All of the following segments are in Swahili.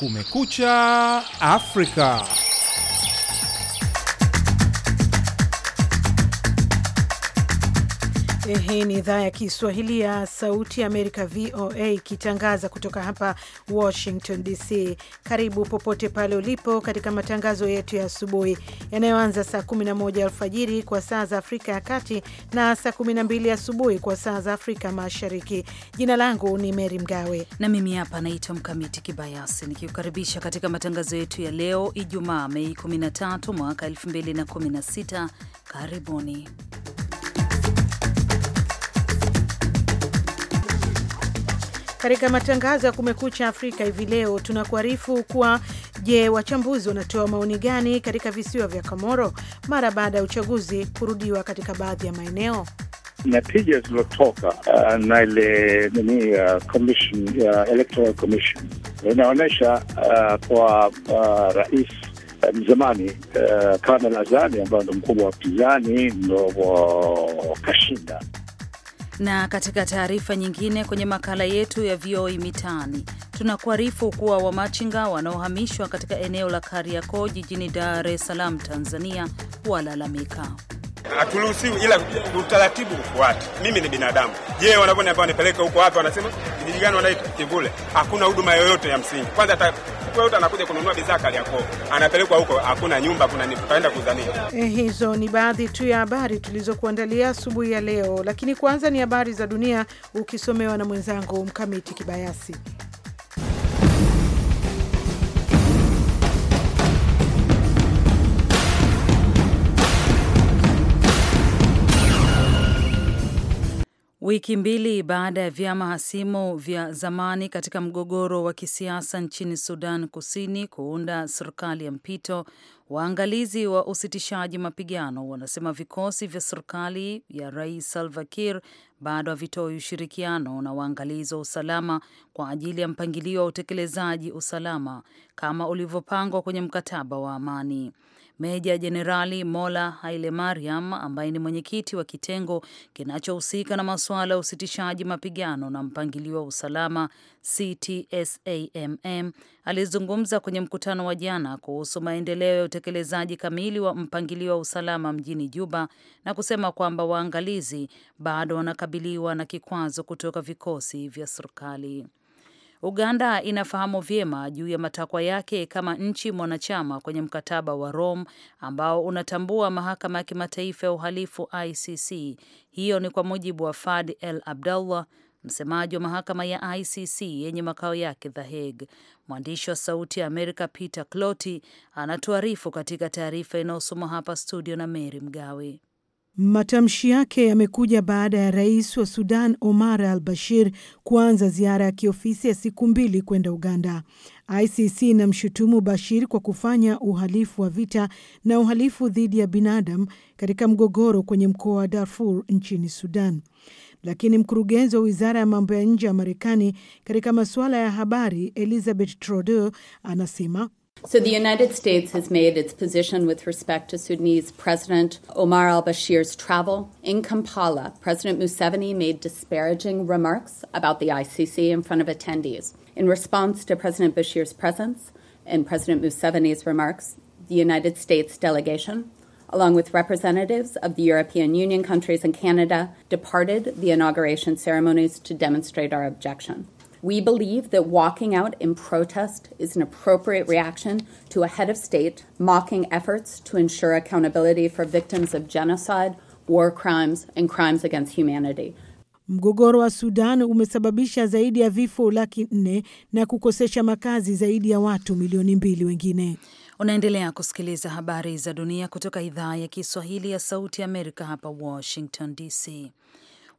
Kumekucha Afrika. Hii ni idhaa ya Kiswahili ya Sauti ya Amerika, VOA, ikitangaza kutoka hapa Washington DC. Karibu popote pale ulipo katika matangazo yetu ya asubuhi yanayoanza saa 11 alfajiri kwa saa za Afrika ya Kati na saa 12 asubuhi kwa saa za Afrika Mashariki. Jina langu ni Meri Mgawe na mimi hapa naitwa Mkamiti Kibayasi, nikiukaribisha katika matangazo yetu ya leo Ijumaa, Mei 13 mwaka 2016. Karibuni. Katika matangazo ya Kumekucha Afrika hivi leo tunakuarifu kuwa, je, wachambuzi wanatoa maoni gani katika visiwa vya Komoro mara baada ya uchaguzi kurudiwa katika baadhi ya maeneo natija tija zilizotoka uh, na ile nini uh, commission uh, electoral commission inaonyesha uh, kwa uh, rais uh, mzamani uh, Kamel azani ambayo ndo mkubwa wa pizani ndo kashinda. Na katika taarifa nyingine kwenye makala yetu ya VOA Mitaani, tunakuarifu kuwa wamachinga wanaohamishwa katika eneo la Kariakoo jijini Dar es Salaam, Tanzania, walalamika Haturuhusiwi, ila utaratibu ufuate. Mimi ni binadamu. Je, wanavyoniambia wanipeleke huko wapi? Wanasema vijijigani wanaita Kivule. Hakuna huduma yoyote ya msingi. Kwanza siku yote anakuja kununua bidhaa Kariakoo, anapelekwa huko, hakuna nyumba, kuna nitaenda kuzania. Eh, hizo ni baadhi tu ya habari tulizokuandalia asubuhi ya leo, lakini kwanza ni habari za dunia ukisomewa na mwenzangu Mkamiti Kibayasi. Wiki mbili baada ya vyama hasimu vya zamani katika mgogoro wa kisiasa nchini Sudan Kusini kuunda serikali ya mpito, waangalizi wa usitishaji mapigano wanasema vikosi vya serikali ya Rais Salva Kiir bado havitoi ushirikiano na waangalizi wa usalama kwa ajili ya mpangilio wa utekelezaji usalama kama ulivyopangwa kwenye mkataba wa amani. Meja Jenerali Mola haile mariam ambaye ni mwenyekiti wa kitengo kinachohusika na masuala ya usitishaji mapigano na mpangilio wa usalama CTSAMM alizungumza kwenye mkutano wa jana kuhusu maendeleo ya utekelezaji kamili wa mpangilio wa usalama mjini Juba na kusema kwamba waangalizi bado wanakabiliwa na kikwazo kutoka vikosi vya serikali. Uganda inafahamu vyema juu ya matakwa yake kama nchi mwanachama kwenye mkataba wa Rome ambao unatambua mahakama ya kimataifa ya uhalifu ICC. Hiyo ni kwa mujibu wa fad El Abdallah, msemaji wa mahakama ya ICC yenye makao yake The Hague. Mwandishi wa Sauti ya Amerika Peter Cloti anatuarifu katika taarifa inayosomwa hapa studio na Mary Mgawe. Matamshi yake yamekuja baada ya rais wa Sudan Omar al Bashir kuanza ziara ya kiofisi ya siku mbili kwenda Uganda. ICC inamshutumu Bashir kwa kufanya uhalifu wa vita na uhalifu dhidi ya binadamu katika mgogoro kwenye mkoa wa Darfur nchini Sudan. Lakini mkurugenzi wa wizara ya mambo ya nje ya Marekani katika masuala ya habari Elizabeth Trudeau anasema So the United States has made its position with respect to Sudanese President Omar al Bashir's travel in Kampala. President Museveni made disparaging remarks about the ICC in front of attendees. In response to President Bashir's presence and President Museveni's remarks, the United States delegation, along with representatives of the European Union countries and Canada, departed the inauguration ceremonies to demonstrate our objection. We believe that walking out in protest is an appropriate reaction to a head of state mocking efforts to ensure accountability for victims of genocide, war crimes, and crimes against humanity. Mgogoro wa Sudan umesababisha zaidi ya vifo laki nne na kukosesha makazi zaidi ya watu milioni mbili wengine. Unaendelea kusikiliza habari za dunia kutoka idhaa ya Kiswahili ya Sauti ya Amerika hapa Washington DC.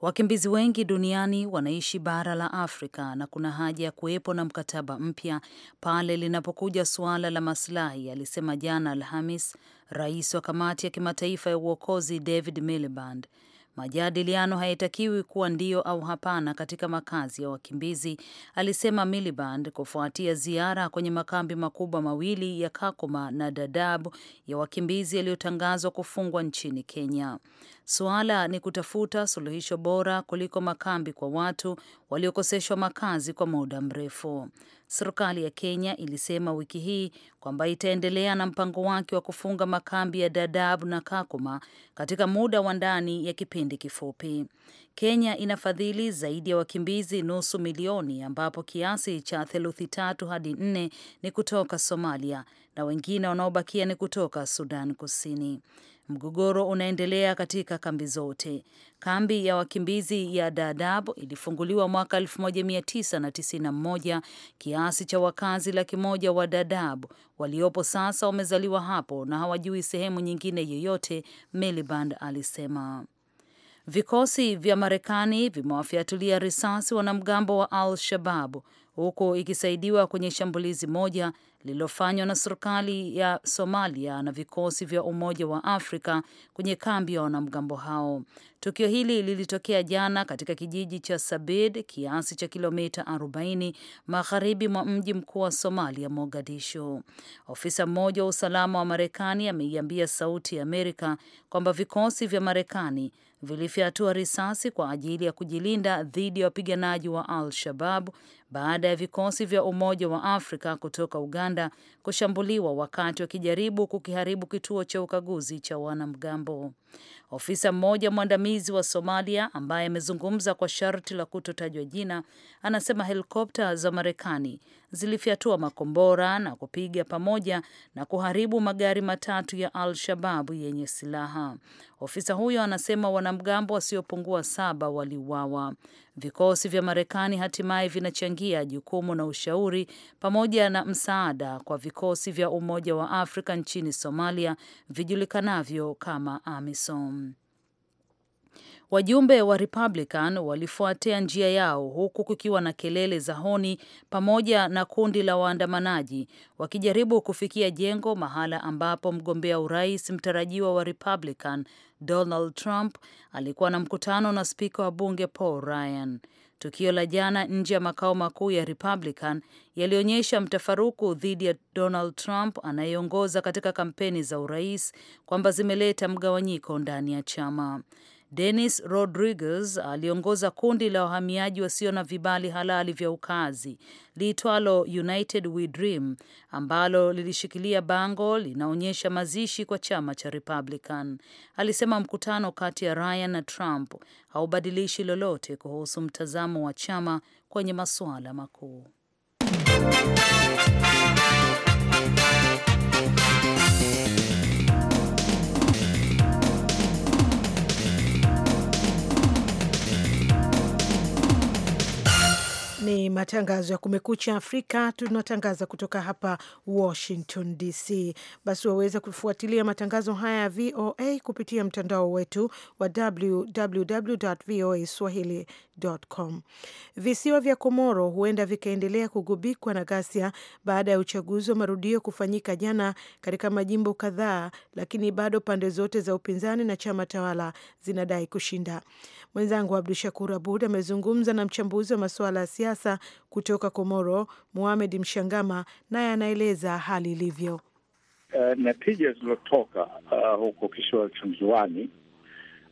Wakimbizi wengi duniani wanaishi bara la Afrika na kuna haja ya kuwepo na mkataba mpya pale linapokuja suala la masilahi alisema jana Alhamis rais wa kamati ya kimataifa ya uokozi David Miliband. Majadiliano hayatakiwi kuwa ndio au hapana katika makazi ya wakimbizi, alisema Miliband, kufuatia ziara kwenye makambi makubwa mawili ya Kakuma na Dadaab ya wakimbizi yaliyotangazwa kufungwa nchini Kenya. Suala ni kutafuta suluhisho bora kuliko makambi kwa watu waliokoseshwa makazi kwa muda mrefu. Serikali ya Kenya ilisema wiki hii kwamba itaendelea na mpango wake wa kufunga makambi ya Dadaab na Kakuma katika muda wa ndani ya kipindi kifupi. Kenya inafadhili zaidi ya wakimbizi nusu milioni ambapo kiasi cha theluthi tatu hadi nne ni kutoka Somalia na wengine wanaobakia ni kutoka Sudan Kusini. Mgogoro unaendelea katika kambi zote. Kambi ya wakimbizi ya Dadaab ilifunguliwa mwaka 1991. Kiasi cha wakazi laki moja wa Dadaab waliopo sasa wamezaliwa hapo na hawajui sehemu nyingine yoyote, Miliband alisema. Vikosi vya Marekani vimewafyatulia risasi wanamgambo wa Al Shababu huku ikisaidiwa kwenye shambulizi moja lililofanywa na serikali ya Somalia na vikosi vya Umoja wa Afrika kwenye kambi ya wanamgambo hao. Tukio hili lilitokea jana katika kijiji cha Sabid, kiasi cha kilomita 40 magharibi mwa mji mkuu wa Somalia, Mogadishu. Ofisa mmoja wa usalama wa Marekani ameiambia Sauti ya Amerika kwamba vikosi vya Marekani vilifyatua risasi kwa ajili ya kujilinda dhidi ya wapiganaji wa Al Shabab baada ya vikosi vya Umoja wa Afrika kutoka Uganda Uganda kushambuliwa wakati wakijaribu kukiharibu kituo cha ukaguzi cha wanamgambo. Ofisa mmoja mwandamizi wa Somalia ambaye amezungumza kwa sharti la kutotajwa jina anasema helikopta za Marekani zilifyatua makombora na kupiga pamoja na kuharibu magari matatu ya Al-Shababu yenye silaha. Ofisa huyo anasema wanamgambo wasiopungua saba waliuawa. Vikosi vya Marekani hatimaye vinachangia jukumu na ushauri pamoja na msaada kwa vikosi vya Umoja wa Afrika nchini Somalia vijulikanavyo kama AMISOM. Wajumbe wa Republican walifuatia njia yao huku kukiwa na kelele za honi pamoja na kundi la waandamanaji wakijaribu kufikia jengo mahala ambapo mgombea urais mtarajiwa wa Republican Donald Trump alikuwa na mkutano na spika wa bunge Paul Ryan. Tukio la jana nje ya makao makuu ya Republican yalionyesha mtafaruku dhidi ya Donald Trump anayeongoza katika kampeni za urais kwamba zimeleta mgawanyiko ndani ya chama. Denis Rodriguez aliongoza kundi la wahamiaji wasio na vibali halali vya ukazi liitwalo United We Dream ambalo lilishikilia bango linaonyesha mazishi kwa chama cha Republican. Alisema mkutano kati ya Ryan na Trump haubadilishi lolote kuhusu mtazamo wa chama kwenye masuala makuu. Ni matangazo ya Kumekucha Afrika, tunatangaza kutoka hapa Washington DC. Basi waweza kufuatilia matangazo haya ya VOA kupitia mtandao wetu wa www voa swahili com. Visiwa vya Komoro huenda vikaendelea kugubikwa na ghasia baada ya uchaguzi wa marudio kufanyika jana katika majimbo kadhaa, lakini bado pande zote za upinzani na chama tawala zinadai kushinda. Mwenzangu Abdu Shakur Abud amezungumza na mchambuzi wa masuala ya siasa kutoka Komoro, Muhamed Mshangama, naye anaeleza hali ilivyo. Uh, eh, natija zilizotoka uh, huko kisiwa cha mzuani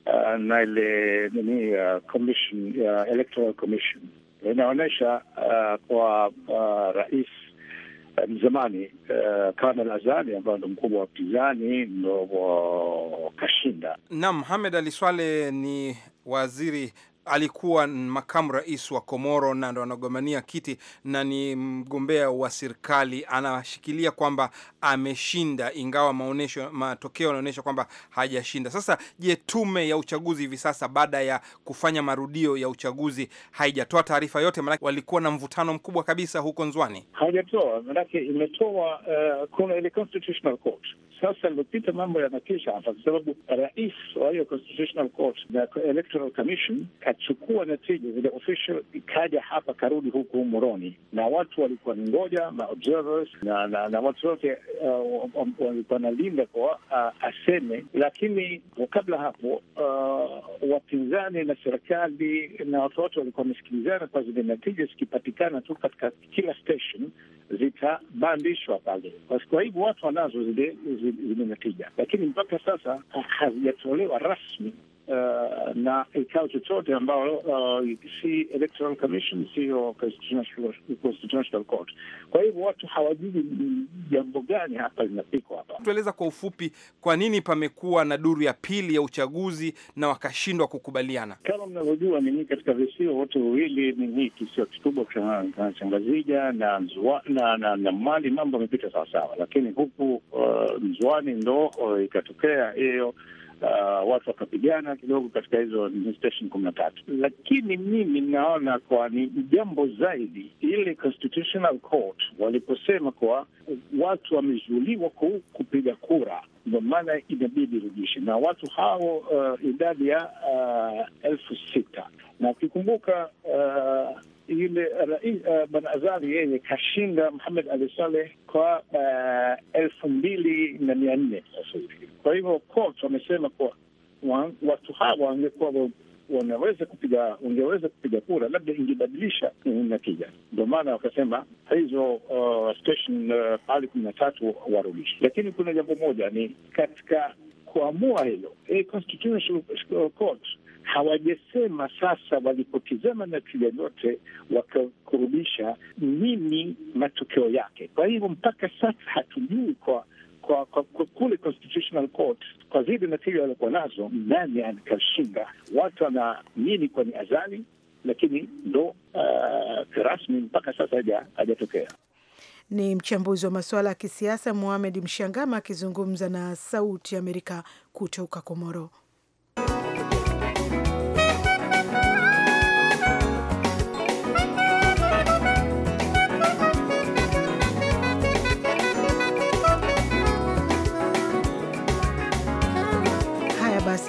Uh, na ile nini uh, commission uh, electoral commission inaonyesha uh, kwa uh, rais uh, mzamani uh, kamel azani ambayo ndo mkubwa wa pinzani ndo kashinda. Naam, Hamed Ali Swale ni waziri alikuwa makamu rais wa Komoro na ndo anagombania kiti na ni mgombea wa serikali, anashikilia kwamba ameshinda, ingawa maonesho, matokeo yanaonyesha kwamba hajashinda. Sasa je, tume ya uchaguzi hivi sasa baada ya kufanya marudio ya uchaguzi haijatoa taarifa yote? Maanake walikuwa na mvutano mkubwa kabisa huko Nzwani. Haijatoa maanake imetoa uh, kuna ile constitutional court sasa limepita mambo yanatisha hapa, kwa sababu rais wa hiyo constitutional court na electoral commission akachukua natija zile official, ikaja hapa karudi huku Moroni, na watu walikuwa ni ngoja ma observers na, na, na watu wote uh, walikuwa na linda kwa uh, aseme. Lakini kabla hapo uh, wapinzani na serikali na watu wote walikuwa wamesikilizana kwa zile natija zikipatikana tu katika kila station zitabandishwa pale. Kwa hivyo watu wanazo zile natija, lakini mpaka sasa hazijatolewa rasmi Eh, na kikao chochote ambao uh, eh, si Electoral Commission sio Constitutional Court. Kwa hivyo watu hawajui jambo gani hapa linapikwa hapa. Tueleza kwa ufupi, kwa nini pamekuwa na duru ya pili ya uchaguzi na wakashindwa kukubaliana? Kama mnavyojua, ninii katika visio wote wawili ninii, kisio kikubwa cha Changazija na na, na, na Mali, mambo yamepita sawasawa, lakini huku uh, eh, Mzwani ndo uh, ikatokea hiyo uh, watu wakapigana kidogo katika hizo station kumi na tatu, lakini mimi naona kwa ni jambo zaidi ile Constitutional Court waliposema kuwa watu wamezuuliwa kupiga kura ndio maana inabidi irudishe na watu hao uh, idadi ya uh, elfu sita na ukikumbuka uh, yule uh, eh, bwana Azali yeye kashinda Muhamed Ali Saleh kwa uh, elfu mbili na mia nne. Kwa hivyo court wamesema kuwa watu hawa wangekuwa wanaweza kupiga wangeweza kupiga kura, labda ingebadilisha natija. Ndio maana wakasema hizo uh, station pahali uh, kumi na tatu warudishi. Lakini kuna jambo moja ni katika kuamua hilo, Constitutional Court hawajasema sasa walipotizama na kile yote wakakurudisha nini matokeo yake. Kwa hivyo mpaka sasa hatujui kwa kwa, kwa, kwa kule Constitutional Court kwa zile natija waliokuwa nazo, nani atakashinda? Watu wanaamini kuwa ni Azali, lakini ndo uh, rasmi mpaka sasa hajatokea. Ni mchambuzi wa masuala ya kisiasa muhamed Mshangama akizungumza na Sauti Amerika kutoka Komoro.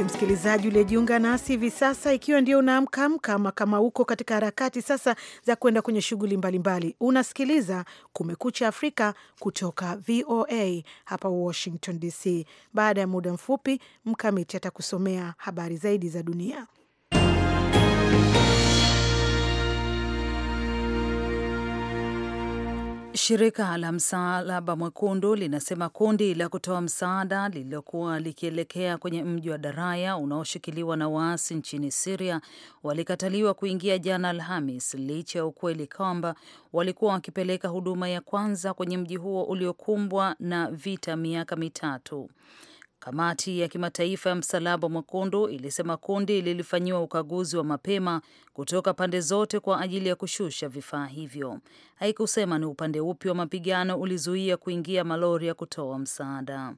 basi msikilizaji uliyejiunga nasi hivi sasa, ikiwa ndio unaamkaamka ama kama uko katika harakati sasa za kwenda kwenye shughuli mbalimbali, unasikiliza Kumekucha Afrika kutoka VOA hapa Washington DC. Baada ya muda mfupi, Mkamiti atakusomea habari zaidi za dunia. Shirika la Msalaba Mwekundu linasema kundi la kutoa msaada lililokuwa likielekea kwenye mji wa Daraya unaoshikiliwa na waasi nchini Siria walikataliwa kuingia jana Alhamis licha ya ukweli kwamba walikuwa wakipeleka huduma ya kwanza kwenye mji huo uliokumbwa na vita miaka mitatu. Kamati ya Kimataifa ya Msalaba Mwekundu ilisema kundi lilifanyiwa ukaguzi wa mapema kutoka pande zote kwa ajili ya kushusha vifaa hivyo. Haikusema ni upande upi wa mapigano ulizuia kuingia malori ya kutoa msaada.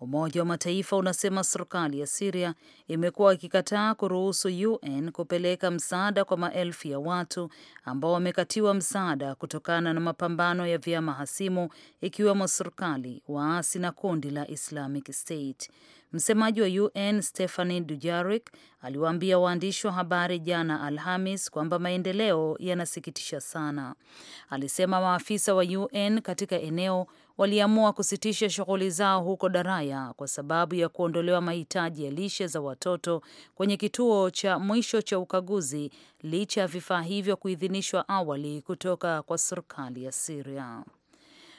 Umoja wa Mataifa unasema serikali ya Siria imekuwa ikikataa kuruhusu UN kupeleka msaada kwa maelfu ya watu ambao wamekatiwa msaada kutokana na mapambano ya vyama hasimu, ikiwemo serikali, waasi na kundi la Islamic State. Msemaji wa UN stephani Dujarric aliwaambia waandishi wa habari jana Alhamis kwamba maendeleo yanasikitisha sana. Alisema maafisa wa UN katika eneo waliamua kusitisha shughuli zao huko Daraya kwa sababu ya kuondolewa mahitaji ya lishe za watoto kwenye kituo cha mwisho cha ukaguzi licha ya vifaa hivyo kuidhinishwa awali kutoka kwa serikali ya Syria.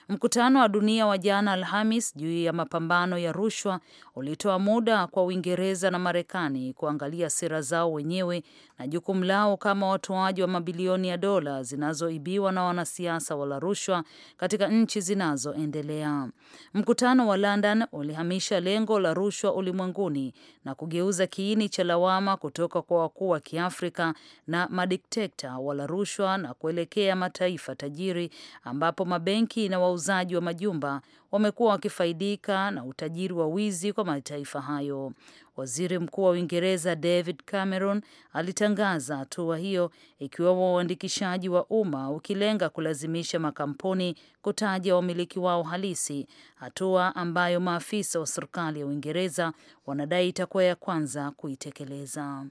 Mkutano wa dunia wa jana Alhamis juu ya mapambano ya rushwa ulitoa muda kwa Uingereza na Marekani kuangalia sera zao wenyewe na jukumu lao kama watoaji wa mabilioni ya dola zinazoibiwa na wanasiasa wala rushwa katika nchi zinazoendelea. Mkutano wa London ulihamisha lengo la rushwa ulimwenguni na kugeuza kiini cha lawama kutoka kwa wakuu wa Kiafrika na madiktekta wala rushwa na kuelekea mataifa tajiri ambapo mabenki na wauzaji wa majumba wamekuwa wakifaidika na utajiri wa wizi kwa mataifa hayo. Waziri Mkuu wa Uingereza David Cameron alitangaza hatua hiyo, ikiwemo uandikishaji wa umma ukilenga kulazimisha makampuni kutaja wamiliki wao halisi, hatua ambayo maafisa wa serikali ya Uingereza wanadai itakuwa ya kwanza kuitekeleza.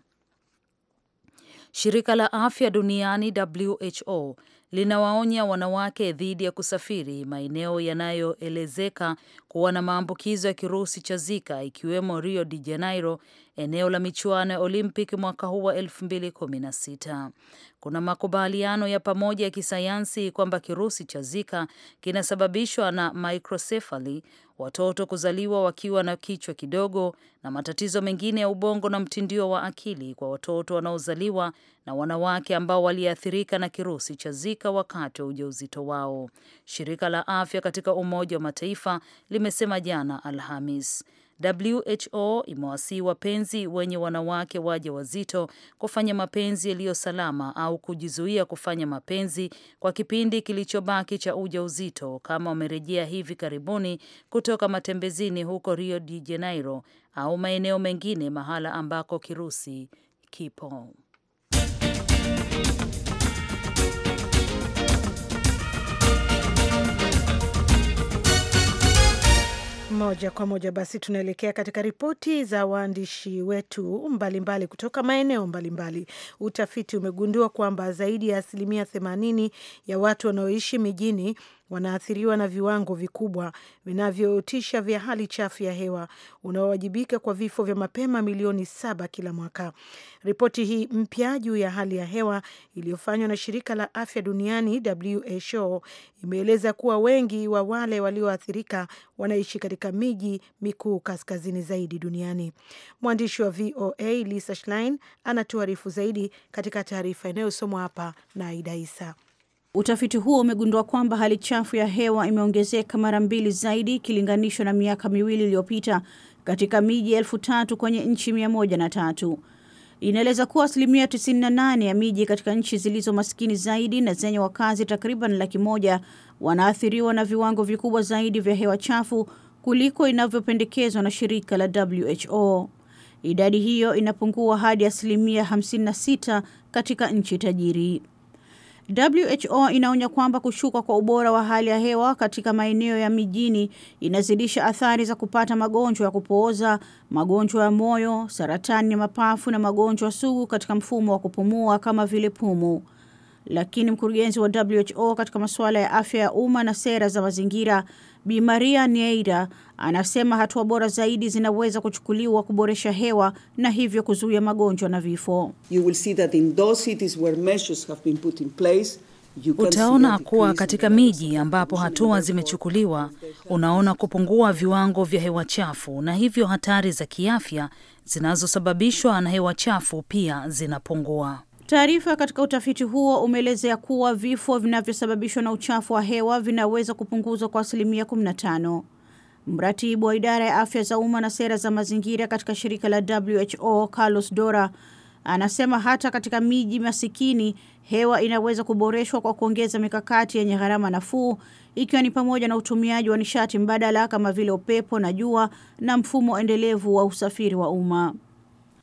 Shirika la Afya Duniani WHO linawaonya wanawake dhidi ya kusafiri maeneo yanayoelezeka kuwa na maambukizo ya kirusi cha Zika, ikiwemo Rio de Janeiro, eneo la michuano ya Olympic mwaka huu wa 2016. Kuna makubaliano ya pamoja ya kisayansi kwamba kirusi cha Zika kinasababishwa na microcephaly, watoto kuzaliwa wakiwa na kichwa kidogo, na matatizo mengine ya ubongo na mtindio wa akili kwa watoto wanaozaliwa na wanawake ambao waliathirika na kirusi cha Zika wakati wa ujauzito wao, shirika la afya katika Umoja wa Mataifa limesema jana Alhamis. WHO imewasihi wapenzi wenye wanawake waja wazito kufanya mapenzi yaliyo salama au kujizuia kufanya mapenzi kwa kipindi kilichobaki cha uja uzito kama wamerejea hivi karibuni kutoka matembezini huko Rio de Janeiro au maeneo mengine mahala ambako kirusi kipo. Moja kwa moja basi tunaelekea katika ripoti za waandishi wetu mbalimbali mbali kutoka maeneo mbalimbali. Utafiti umegundua kwamba zaidi ya asilimia themanini ya watu wanaoishi mijini wanaathiriwa na viwango vikubwa vinavyotisha vya hali chafu ya hewa unaowajibika kwa vifo vya mapema milioni saba kila mwaka. Ripoti hii mpya juu ya hali ya hewa iliyofanywa na shirika la afya duniani WHO imeeleza kuwa wengi wa wale walioathirika wanaishi katika miji mikuu kaskazini zaidi duniani. Mwandishi wa VOA Lisa Schlein anatuarifu zaidi katika taarifa inayosomwa hapa na Aida Isa. Utafiti huo umegundua kwamba hali chafu ya hewa imeongezeka mara mbili zaidi ikilinganishwa na miaka miwili iliyopita katika miji elfu tatu kwenye nchi mia moja na tatu. Inaeleza kuwa asilimia 98 ya miji katika nchi zilizo maskini zaidi na zenye wakazi takriban laki moja wanaathiriwa na viwango vikubwa zaidi vya hewa chafu kuliko inavyopendekezwa na shirika la WHO. Idadi hiyo inapungua hadi asilimia 56 katika nchi tajiri. WHO inaonya kwamba kushuka kwa ubora wa hali ya hewa katika maeneo ya mijini inazidisha athari za kupata magonjwa ya kupooza, magonjwa ya moyo, saratani ya mapafu na magonjwa sugu katika mfumo wa kupumua kama vile pumu. Lakini mkurugenzi wa WHO katika masuala ya afya ya umma na sera za mazingira Bi Maria Neira anasema hatua bora zaidi zinaweza kuchukuliwa kuboresha hewa na hivyo kuzuia magonjwa na vifo. Utaona kuwa katika miji ambapo hatua zimechukuliwa, unaona kupungua viwango vya hewa chafu, na hivyo hatari za kiafya zinazosababishwa na hewa chafu pia zinapungua. Taarifa katika utafiti huo umeelezea kuwa vifo vinavyosababishwa na uchafu wa hewa vinaweza kupunguzwa kwa asilimia 15. Mratibu wa idara ya afya za umma na sera za mazingira katika shirika la WHO Carlos Dora anasema hata katika miji masikini hewa inaweza kuboreshwa kwa kuongeza mikakati yenye gharama nafuu, ikiwa ni pamoja na utumiaji wa nishati mbadala kama vile upepo na jua na mfumo endelevu wa usafiri wa umma.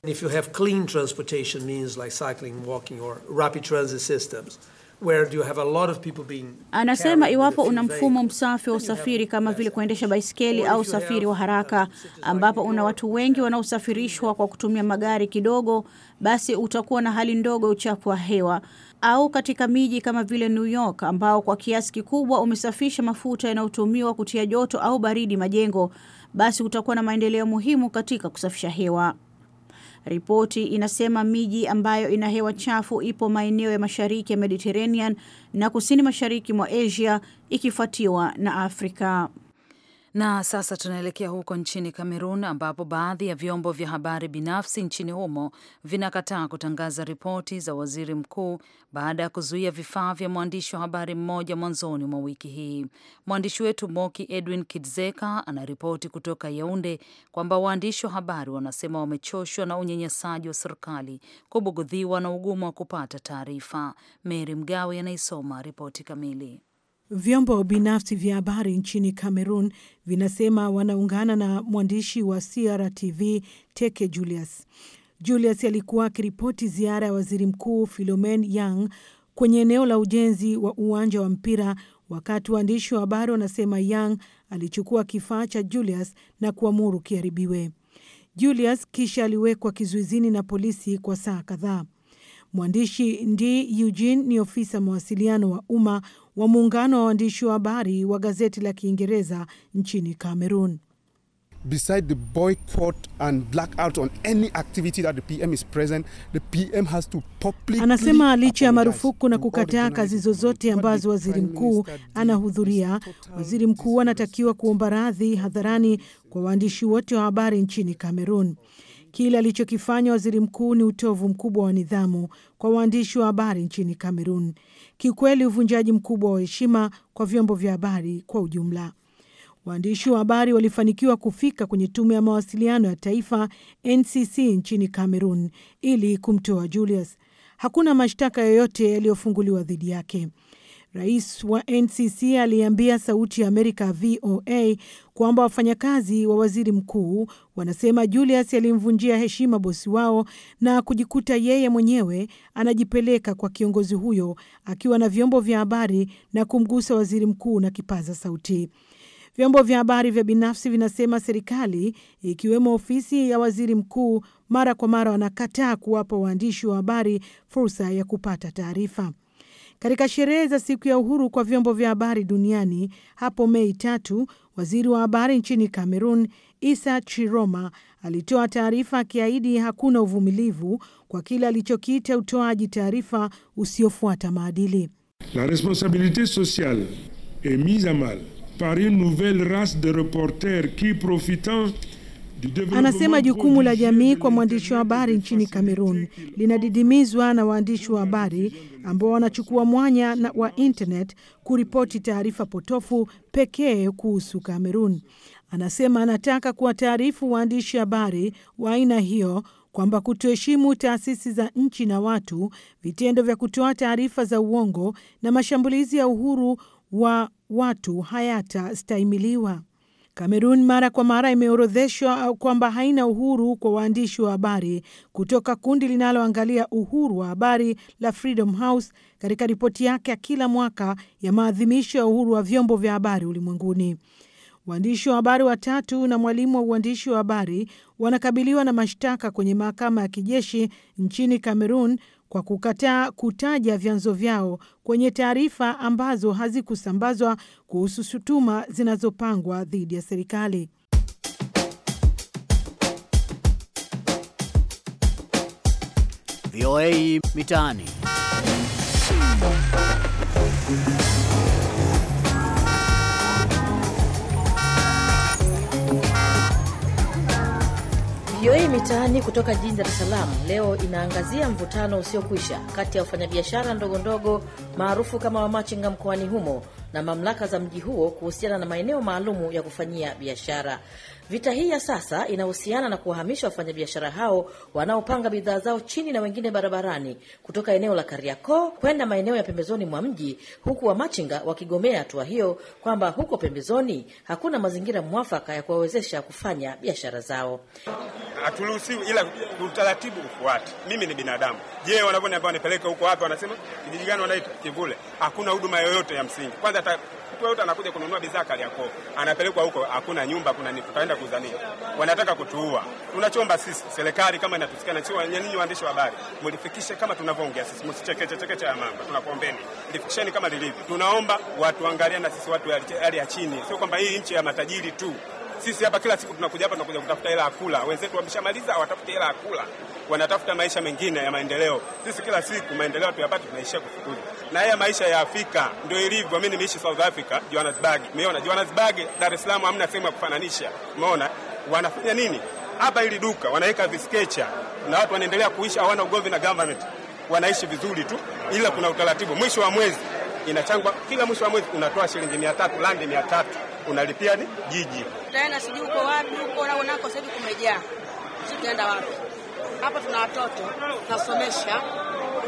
If you have clean transportation means like cycling, walking or rapid transit systems, Where do you have a lot of people being anasema, iwapo una mfumo msafi wa usafiri kama vile kuendesha baiskeli au usafiri wa haraka, ambapo una watu wengi wanaosafirishwa kwa kutumia magari kidogo, basi utakuwa na hali ndogo ya uchafu wa hewa, au katika miji kama vile New York ambao kwa kiasi kikubwa umesafisha mafuta yanayotumiwa kutia joto au baridi majengo, basi utakuwa na maendeleo muhimu katika kusafisha hewa. Ripoti inasema miji ambayo ina hewa chafu ipo maeneo ya mashariki ya Mediterranean na kusini mashariki mwa Asia ikifuatiwa na Afrika. Na sasa tunaelekea huko nchini Kamerun ambapo baadhi ya vyombo vya habari binafsi nchini humo vinakataa kutangaza ripoti za waziri mkuu baada ya kuzuia vifaa vya mwandishi wa habari mmoja mwanzoni mwa wiki hii. Mwandishi wetu Moki Edwin Kidzeka anaripoti kutoka Yaunde kwamba waandishi wa habari wanasema wamechoshwa na unyanyasaji wa serikali, kubugudhiwa na ugumu wa kupata taarifa. Mary Mgawe anaisoma ripoti kamili. Vyombo binafsi vya habari nchini Cameroon vinasema wanaungana na mwandishi wa CRTV Teke Julius. Julius alikuwa akiripoti ziara ya waziri mkuu Philomen Yang kwenye eneo la ujenzi wa uwanja wa mpira, wakati waandishi wa habari wanasema Yang alichukua kifaa cha Julius na kuamuru kiharibiwe. Julius kisha aliwekwa kizuizini na polisi kwa saa kadhaa. Mwandishi Ndi Eugene ni ofisa mawasiliano wa umma wa muungano wa waandishi wa habari wa gazeti la Kiingereza nchini Cameroon. Beside the boycott and blackout on any activity that the PM is present, the PM has to publicly. Anasema licha ya marufuku na kukataa kazi zozote ambazo waziri mkuu anahudhuria, waziri mkuu anatakiwa kuomba radhi hadharani kwa waandishi wote wa habari nchini Cameroon. Kile alichokifanya waziri mkuu ni utovu mkubwa wa nidhamu kwa waandishi wa habari nchini Kamerun, kikweli uvunjaji mkubwa wa heshima kwa vyombo vya habari kwa ujumla. Waandishi wa habari walifanikiwa kufika kwenye tume ya mawasiliano ya taifa NCC nchini Kamerun ili kumtoa Julius. Hakuna mashtaka yoyote yaliyofunguliwa dhidi yake. Rais wa NCC aliambia Sauti ya Amerika VOA kwamba wafanyakazi wa waziri mkuu wanasema Julius alimvunjia heshima bosi wao na kujikuta yeye mwenyewe anajipeleka kwa kiongozi huyo akiwa na vyombo vya habari na kumgusa waziri mkuu na kipaza sauti. Vyombo vya habari vya binafsi vinasema serikali ikiwemo ofisi ya waziri mkuu mara kwa mara wanakataa kuwapa waandishi wa habari fursa ya kupata taarifa. Katika sherehe za siku ya uhuru kwa vyombo vya habari duniani hapo Mei tatu, waziri wa habari nchini Cameroon Isa Chiroma alitoa taarifa akiahidi hakuna uvumilivu kwa kile alichokiita utoaji taarifa usiofuata maadili. La responsabilite sociale est mise a mal par une nouvelle race de reporters qui profitant Anasema jukumu la jamii kwa mwandishi wa habari nchini Kamerun linadidimizwa na waandishi wa habari ambao wanachukua mwanya na wa internet kuripoti taarifa potofu pekee kuhusu Kamerun. Anasema anataka kuwataarifu waandishi habari wa aina hiyo kwamba kutoheshimu taasisi za nchi na watu, vitendo vya kutoa taarifa za uongo na mashambulizi ya uhuru wa watu hayatastahimiliwa. Kamerun mara kwa mara imeorodheshwa kwamba haina uhuru kwa waandishi wa habari kutoka kundi linaloangalia uhuru wa habari la Freedom House katika ripoti yake ya kila mwaka ya maadhimisho ya uhuru wa vyombo vya habari ulimwenguni. Waandishi wa habari watatu na mwalimu wa uandishi wa habari wanakabiliwa na mashtaka kwenye mahakama ya kijeshi nchini Kamerun kwa kukataa kutaja vyanzo vyao kwenye taarifa ambazo hazikusambazwa kuhusu shutuma zinazopangwa dhidi ya serikali. VOA Mitaani. VOA Mitaani kutoka jijini Dar es Salaam leo inaangazia mvutano usiokwisha kati ya wafanyabiashara ndogondogo maarufu kama wamachinga mkoani humo na mamlaka za mji huo kuhusiana na maeneo maalumu ya kufanyia biashara. Vita hii ya sasa inahusiana na kuwahamisha wafanyabiashara hao wanaopanga bidhaa zao chini na wengine barabarani kutoka eneo la Kariakoo kwenda maeneo ya pembezoni mwa mji, huku wamachinga wakigomea hatua hiyo kwamba huko pembezoni hakuna mazingira mwafaka ya kuwawezesha kufanya biashara zao. Haturuhusiwi, ila utaratibu ufuate. Mimi ni binadamu. Je, wanavyoniambia wanipeleke huko, hapa wanasema kijiji gani wanaita Kivule, hakuna huduma yoyote ya msingi. Kwanza hata mtu yote anakuja kununua bidhaa Kariakoo, anapelekwa huko, hakuna nyumba, kuna tutaenda kuuza nini? Wanataka kutuua. Tunachomba sisi serikali, kama inatusikia na nyinyi waandishi wa habari, mulifikishe kama tunavyoongea sisi, msichekechekeche ya mamba, tunakuombeni, lifikisheni kama lilivyo. Tunaomba watu angalia na sisi watu hali ya chini, sio kwamba hii nchi ya matajiri tu sisi hapa kila siku tunakuja hapa tunakuja kutafuta hela ya kula, wenzetu wameshamaliza, hawatafuti hela ya kula, wanatafuta maisha mengine ya maendeleo. Sisi kila siku maendeleo tuyapate, tunaishia kufukuzwa na haya maisha ya Afrika ndio ilivyo. Mimi nimeishi South Africa, Johannesburg, umeona Johannesburg, Dar es Salaam hamna sehemu ya kufananisha. Umeona wanafanya nini hapa? Ili duka wanaweka viskecha na watu wanaendelea kuishi, hawana ugomvi na government, wanaishi vizuri tu, ila kuna utaratibu. Mwisho wa mwezi inachangwa, kila mwisho wa mwezi unatoa shilingi mia tatu, landi mia tatu unalipia ni jiji. Tena sijui uko wapi huko na unako sasa hivi kumejaa. Tutaenda wapi? Hapa tuna watoto tunasomesha.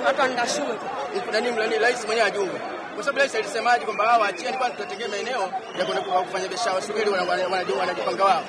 Watu wanaenda shule. Kuna nini mlani rais mwenyewe ajunge. Kwa sababu rais alisemaje kwamba wao ni kwani tutategemea maeneo ya kwenda kufanya biashara shughuli wanajua wanajipanga wao.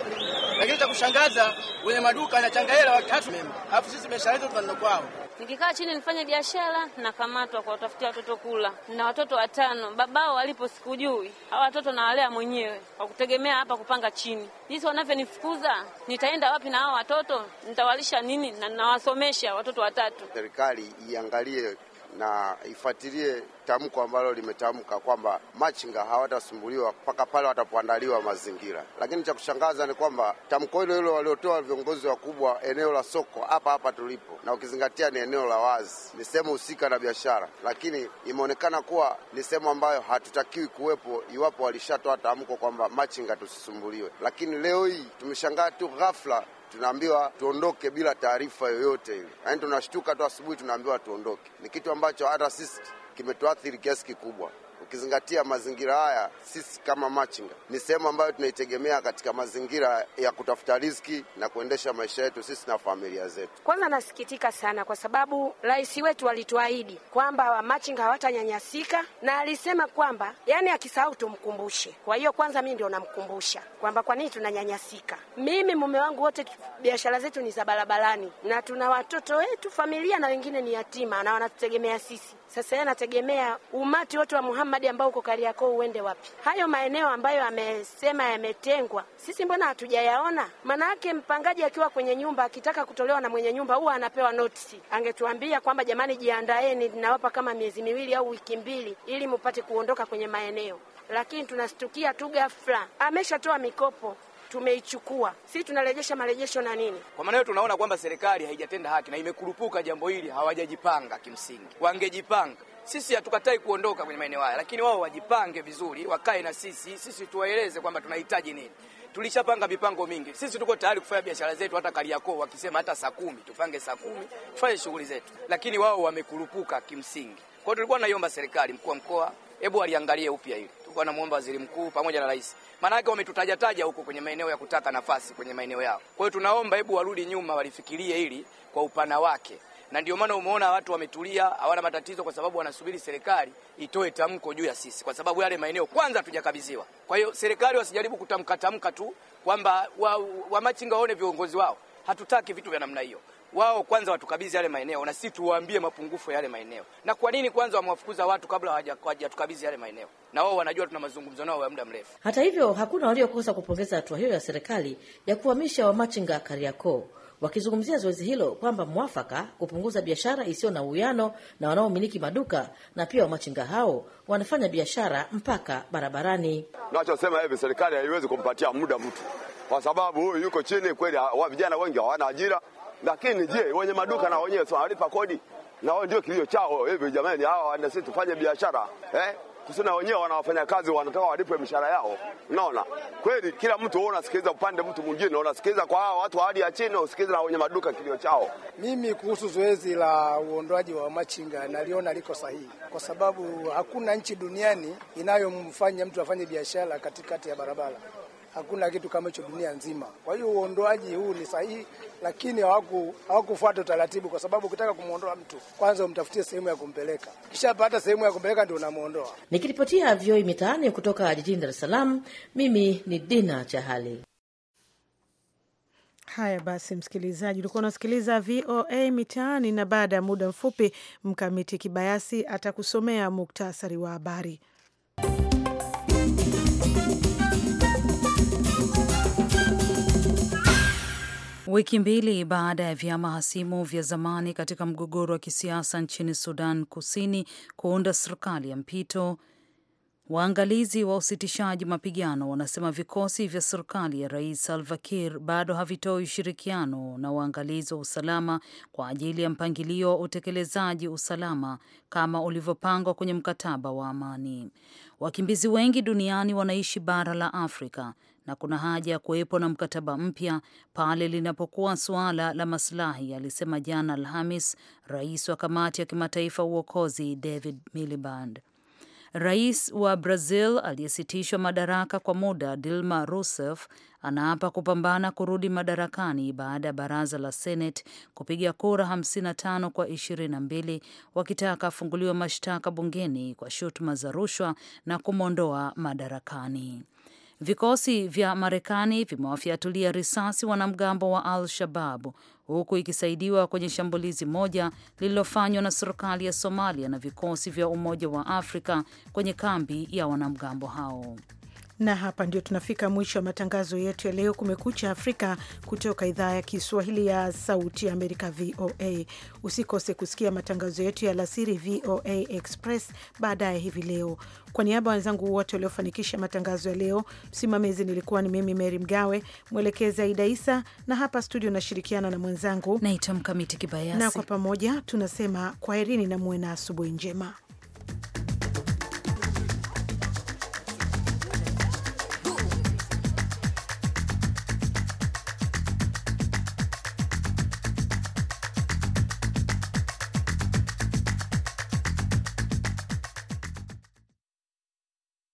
Lakini cha kushangaza wenye maduka anachanga hela wakati mema. Alafu sisi biashara zetu tunaenda kwao. Nikikaa chini nifanye biashara, nakamatwa kwa kutafutia watoto kula, na watoto watano. Babao walipo sikujui, hao watoto nawalea mwenyewe kwa kutegemea hapa kupanga chini. Jinsi wanavyonifukuza, nitaenda wapi na hao watoto? Nitawalisha nini? Na ninawasomesha watoto watatu. Serikali iangalie na ifuatilie tamko ambalo limetamka kwamba machinga hawatasumbuliwa mpaka pale watapoandaliwa mazingira. Lakini cha kushangaza ni kwamba tamko hilo hilo waliotoa viongozi wakubwa eneo la soko hapa hapa tulipo, na ukizingatia ni eneo la wazi, ni sehemu husika na biashara, lakini imeonekana kuwa ni sehemu ambayo hatutakiwi kuwepo, iwapo walishatoa tamko kwamba machinga tusisumbuliwe. Lakini leo hii tumeshangaa tu ghafla tunaambiwa tuondoke bila taarifa yoyote ile, yaani tunashtuka tu asubuhi tunaambiwa tuondoke. Ni kitu ambacho hata sisi kimetuathiri kiasi kikubwa. Tukizingatia mazingira haya, sisi kama machinga ni sehemu ambayo tunaitegemea katika mazingira ya kutafuta riziki na kuendesha maisha yetu sisi na familia zetu. Kwanza nasikitika sana kwa sababu rais wetu alituahidi kwamba wamachinga hawatanyanyasika na alisema kwamba yani akisahau tumkumbushe. Kwa hiyo kwanza mimi ndio namkumbusha kwamba kwa nini tunanyanyasika. Mimi mume wangu wote biashara zetu ni za barabarani na tuna watoto wetu familia na wengine ni yatima na wanatutegemea sisi. Sasa yeye anategemea umati wote wa Muhammadi ambao uko Kariakoo uende wapi? Hayo maeneo ambayo amesema yametengwa, sisi mbona hatujayaona? Maanake mpangaji akiwa kwenye nyumba akitaka kutolewa na mwenye nyumba huwa anapewa notisi. Angetuambia kwamba jamani, jiandaeni, ninawapa kama miezi miwili au wiki mbili ili mupate kuondoka kwenye maeneo, lakini tunastukia tu ghafla ameshatoa mikopo tumeichukua sisi, tunarejesha marejesho na nini? Kwa maana hiyo tunaona kwamba serikali haijatenda haki na imekurupuka jambo hili, hawajajipanga. Kimsingi wangejipanga sisi hatukatai kuondoka kwenye maeneo haya, lakini wao wajipange vizuri, wakae na sisi, sisi tuwaeleze kwamba tunahitaji nini. Tulishapanga mipango mingi, sisi tuko tayari kufanya biashara zetu, hata Kariakoo wakisema hata saa kumi tupange saa kumi tufanye shughuli zetu, lakini wao wamekurupuka kimsingi. Kwa hiyo tulikuwa naiomba serikali, mkuu wa mkoa, hebu aliangalie upya hili alikuwa anamwomba waziri mkuu pamoja na rais. Maana yake wametutajataja huko kwenye maeneo ya kutaka nafasi kwenye maeneo yao. Kwa hiyo tunaomba, hebu warudi nyuma, walifikirie hili kwa upana wake, na ndio maana umeona watu wametulia, hawana matatizo, kwa sababu wanasubiri serikali itoe tamko juu ya sisi, kwa sababu yale maeneo kwanza hatujakabidhiwa. Kwa hiyo serikali wasijaribu kutamkatamka tu kwamba wamachinga wa waone viongozi wao. Hatutaki vitu vya namna hiyo wao kwanza watukabidhi yale maeneo na sisi tuwaambie mapungufu ya yale maeneo. Na kwa nini kwanza wamewafukuza watu kabla hawajatukabidhi yale maeneo? Na wao wanajua tuna mazungumzo nao ya muda mrefu. Hata hivyo, hakuna waliokosa kupongeza hatua hiyo ya serikali ya kuhamisha wamachinga Kariakoo, wakizungumzia zoezi hilo kwamba mwafaka kupunguza biashara isiyo na uwiano na wanaomiliki maduka, na pia wamachinga hao wanafanya biashara mpaka barabarani. Nachosema hivi, serikali haiwezi kumpatia muda mtu, kwa sababu huyu yuko chini kweli. Vijana wengi hawana ajira lakini je, wenye maduka na wenyewe si walipa kodi? Na wao ndio kilio chao hivi jamani, hawa wana sisi tufanye biashara eh? Kusina wenyewe wanawafanya kazi wanataka walipwe mishahara yao. Unaona kweli, kila mtu wewe unasikiliza upande mtu mwingine, unasikiliza kwa hao watu wa hali ya chini, usikiliza na wenye maduka kilio chao. Mimi kuhusu zoezi la uondoaji wa machinga naliona liko sahihi, kwa sababu hakuna nchi duniani inayomfanya mtu afanye biashara katikati ya barabara hakuna kitu kama hicho dunia nzima. Kwa hiyo uondoaji huu ni sahihi, lakini hawakufuata utaratibu, kwa sababu ukitaka kumwondoa mtu kwanza umtafutie sehemu ya kumpeleka, kishapata sehemu ya kumpeleka ndio unamwondoa. Nikiripotia Vyoi Mitaani kutoka jijini Dar es Salaam, mimi ni Dina Chahali. Haya basi, msikilizaji, ulikuwa unasikiliza VOA Mitaani, na baada ya muda mfupi Mkamiti Kibayasi atakusomea muktasari wa habari. Wiki mbili baada ya vyama hasimu vya zamani katika mgogoro wa kisiasa nchini Sudan Kusini kuunda serikali ya mpito, waangalizi wa usitishaji mapigano wanasema vikosi vya serikali ya Rais Salva Kiir bado havitoi ushirikiano na waangalizi wa usalama kwa ajili ya mpangilio wa utekelezaji usalama kama ulivyopangwa kwenye mkataba wa amani. Wakimbizi wengi duniani wanaishi bara la Afrika na kuna haja ya kuwepo na mkataba mpya pale linapokuwa suala la masilahi alisema jana Alhamis rais wa kamati ya kimataifa uokozi David Miliband. Rais wa Brazil aliyesitishwa madaraka kwa muda Dilma Rousseff anaapa kupambana kurudi madarakani baada ya baraza la Senate kupiga kura 55 kwa 22 wakitaka afunguliwe mashtaka bungeni kwa shutuma za rushwa na kumwondoa madarakani. Vikosi vya Marekani vimewafyatulia risasi wanamgambo wa Al Shababu huku ikisaidiwa kwenye shambulizi moja lililofanywa na serikali ya Somalia na vikosi vya Umoja wa Afrika kwenye kambi ya wanamgambo hao. Na hapa ndio tunafika mwisho wa matangazo yetu ya leo, Kumekucha Afrika, kutoka idhaa ya Kiswahili ya Sauti Amerika, VOA. Usikose kusikia matangazo yetu ya alasiri, VOA Express, baadaye hivi leo. Kwa niaba ya wenzangu wote waliofanikisha matangazo ya leo, msimamizi nilikuwa ni mimi Meri Mgawe, mwelekezi Aida Isa, na hapa studio nashirikiana na mwenzangu naitwa Mkamiti Kibayasi, na kwa pamoja tunasema kwaherini na muwe na asubuhi njema.